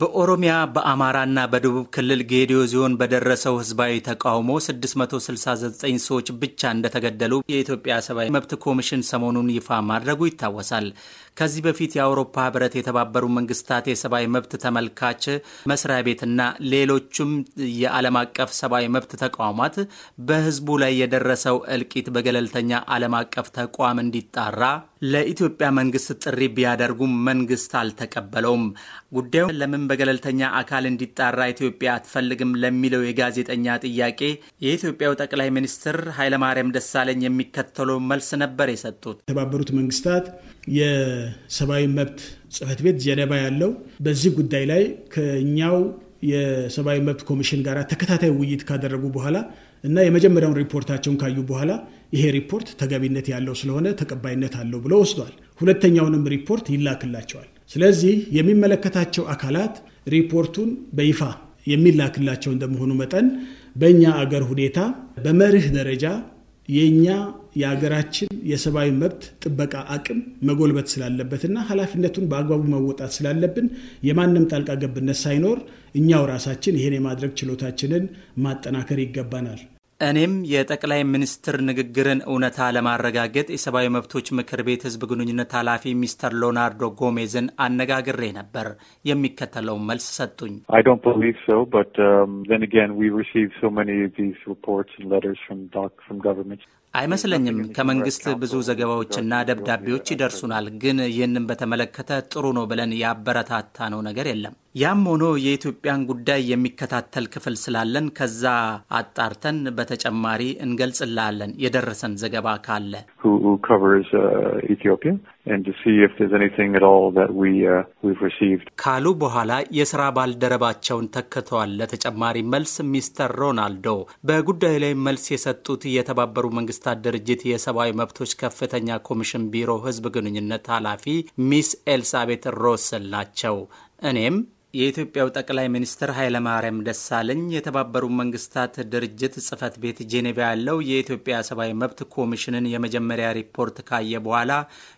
በኦሮሚያ በአማራና በደቡብ ክልል ጌዲዮ ዞን በደረሰው ህዝባዊ ተቃውሞ 669 ሰዎች ብቻ እንደተገደሉ የኢትዮጵያ ሰብአዊ መብት ኮሚሽን ሰሞኑን ይፋ ማድረጉ ይታወሳል። ከዚህ በፊት የአውሮፓ ህብረት፣ የተባበሩ መንግስታት የሰብአዊ መብት ተመልካች መስሪያ ቤትና ሌሎችም የዓለም አቀፍ ሰብአዊ መብት ተቋማት በህዝቡ ላይ የደረሰው እልቂት በገለልተኛ ዓለም አቀፍ ተቋም እንዲጣራ ለኢትዮጵያ መንግስት ጥሪ ቢያደርጉም መንግስት አልተቀበለውም። ጉዳዩ ለምን በገለልተኛ አካል እንዲጣራ ኢትዮጵያ አትፈልግም ለሚለው የጋዜጠኛ ጥያቄ የኢትዮጵያው ጠቅላይ ሚኒስትር ኃይለማርያም ደሳለኝ የሚከተለው መልስ ነበር የሰጡት። የተባበሩት መንግስታት የሰብአዊ መብት ጽህፈት ቤት ጀኔቫ ያለው በዚህ ጉዳይ ላይ ከኛው የሰብአዊ መብት ኮሚሽን ጋር ተከታታይ ውይይት ካደረጉ በኋላ እና የመጀመሪያውን ሪፖርታቸውን ካዩ በኋላ ይሄ ሪፖርት ተገቢነት ያለው ስለሆነ ተቀባይነት አለው ብሎ ወስዷል። ሁለተኛውንም ሪፖርት ይላክላቸዋል። ስለዚህ የሚመለከታቸው አካላት ሪፖርቱን በይፋ የሚላክላቸው እንደመሆኑ መጠን በእኛ አገር ሁኔታ በመርህ ደረጃ የእኛ የሀገራችን የሰብአዊ መብት ጥበቃ አቅም መጎልበት ስላለበትና ኃላፊነቱን በአግባቡ መወጣት ስላለብን የማንም ጣልቃ ገብነት ሳይኖር እኛው ራሳችን ይሄን የማድረግ ችሎታችንን ማጠናከር ይገባናል። እኔም የጠቅላይ ሚኒስትር ንግግርን እውነታ ለማረጋገጥ የሰብአዊ መብቶች ምክር ቤት ህዝብ ግንኙነት ኃላፊ ሚስተር ሎናርዶ ጎሜዝን አነጋግሬ ነበር። የሚከተለውን መልስ ሰጡኝ። um, አይመስለኝም። ከመንግስት ብዙ ዘገባዎችና ደብዳቤዎች ይደርሱናል፣ ግን ይህንን በተመለከተ ጥሩ ነው ብለን ያበረታታ ነው ነገር የለም። ያም ሆኖ የኢትዮጵያን ጉዳይ የሚከታተል ክፍል ስላለን ከዛ አጣርተን በተጨማሪ እንገልጽላለን የደረሰን ዘገባ ካለ። uh, uh, ካሉ በኋላ የስራ ባልደረባቸውን ተክተዋል። ለተጨማሪ መልስ ሚስተር ሮናልዶ በጉዳዩ ላይ መልስ የሰጡት የተባበሩ መንግስታት ድርጅት የሰብአዊ መብቶች ከፍተኛ ኮሚሽን ቢሮ ህዝብ ግንኙነት ኃላፊ ሚስ ኤልሳቤት ሮስል ናቸው። እኔም የኢትዮጵያው ጠቅላይ ሚኒስትር ኃይለማርያም ደሳለኝ የተባበሩት መንግስታት ድርጅት ጽህፈት ቤት ጄኔቫ ያለው የኢትዮጵያ ሰብአዊ መብት ኮሚሽንን የመጀመሪያ ሪፖርት ካየ በኋላ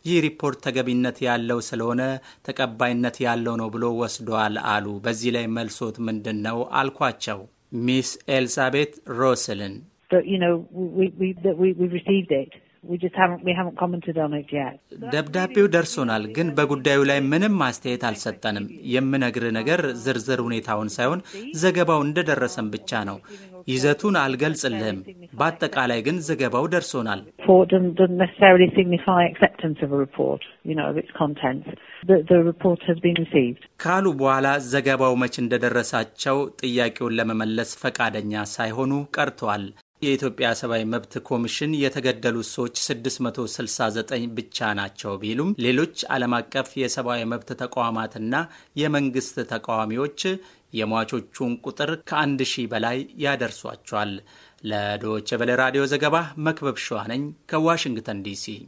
ይህ ሪፖርት ተገቢነት ያለው ስለሆነ ተቀባይነት ያለው ነው ብሎ ወስደዋል አሉ። በዚህ ላይ መልሶት ምንድን ነው አልኳቸው። ሚስ ኤልሳቤት ሮስልን ደብዳቤው ደርሶናል፣ ግን በጉዳዩ ላይ ምንም ማስተያየት አልሰጠንም። የምነግር ነገር ዝርዝር ሁኔታውን ሳይሆን ዘገባው እንደደረሰን ብቻ ነው። ይዘቱን አልገልጽልህም። በአጠቃላይ ግን ዘገባው ደርሶናል። ካሉ በኋላ ዘገባው መች እንደደረሳቸው ጥያቄውን ለመመለስ ፈቃደኛ ሳይሆኑ ቀርተዋል። የኢትዮጵያ ሰብአዊ መብት ኮሚሽን የተገደሉት ሰዎች 669 ብቻ ናቸው ቢሉም ሌሎች ዓለም አቀፍ የሰብአዊ መብት ተቋማትና የመንግስት ተቃዋሚዎች የሟቾቹን ቁጥር ከአንድ ሺህ በላይ ያደርሷቸዋል። ለዶይቼ ቬለ ራዲዮ ዘገባ መክበብ ሸዋነኝ ከዋሽንግተን ዲሲ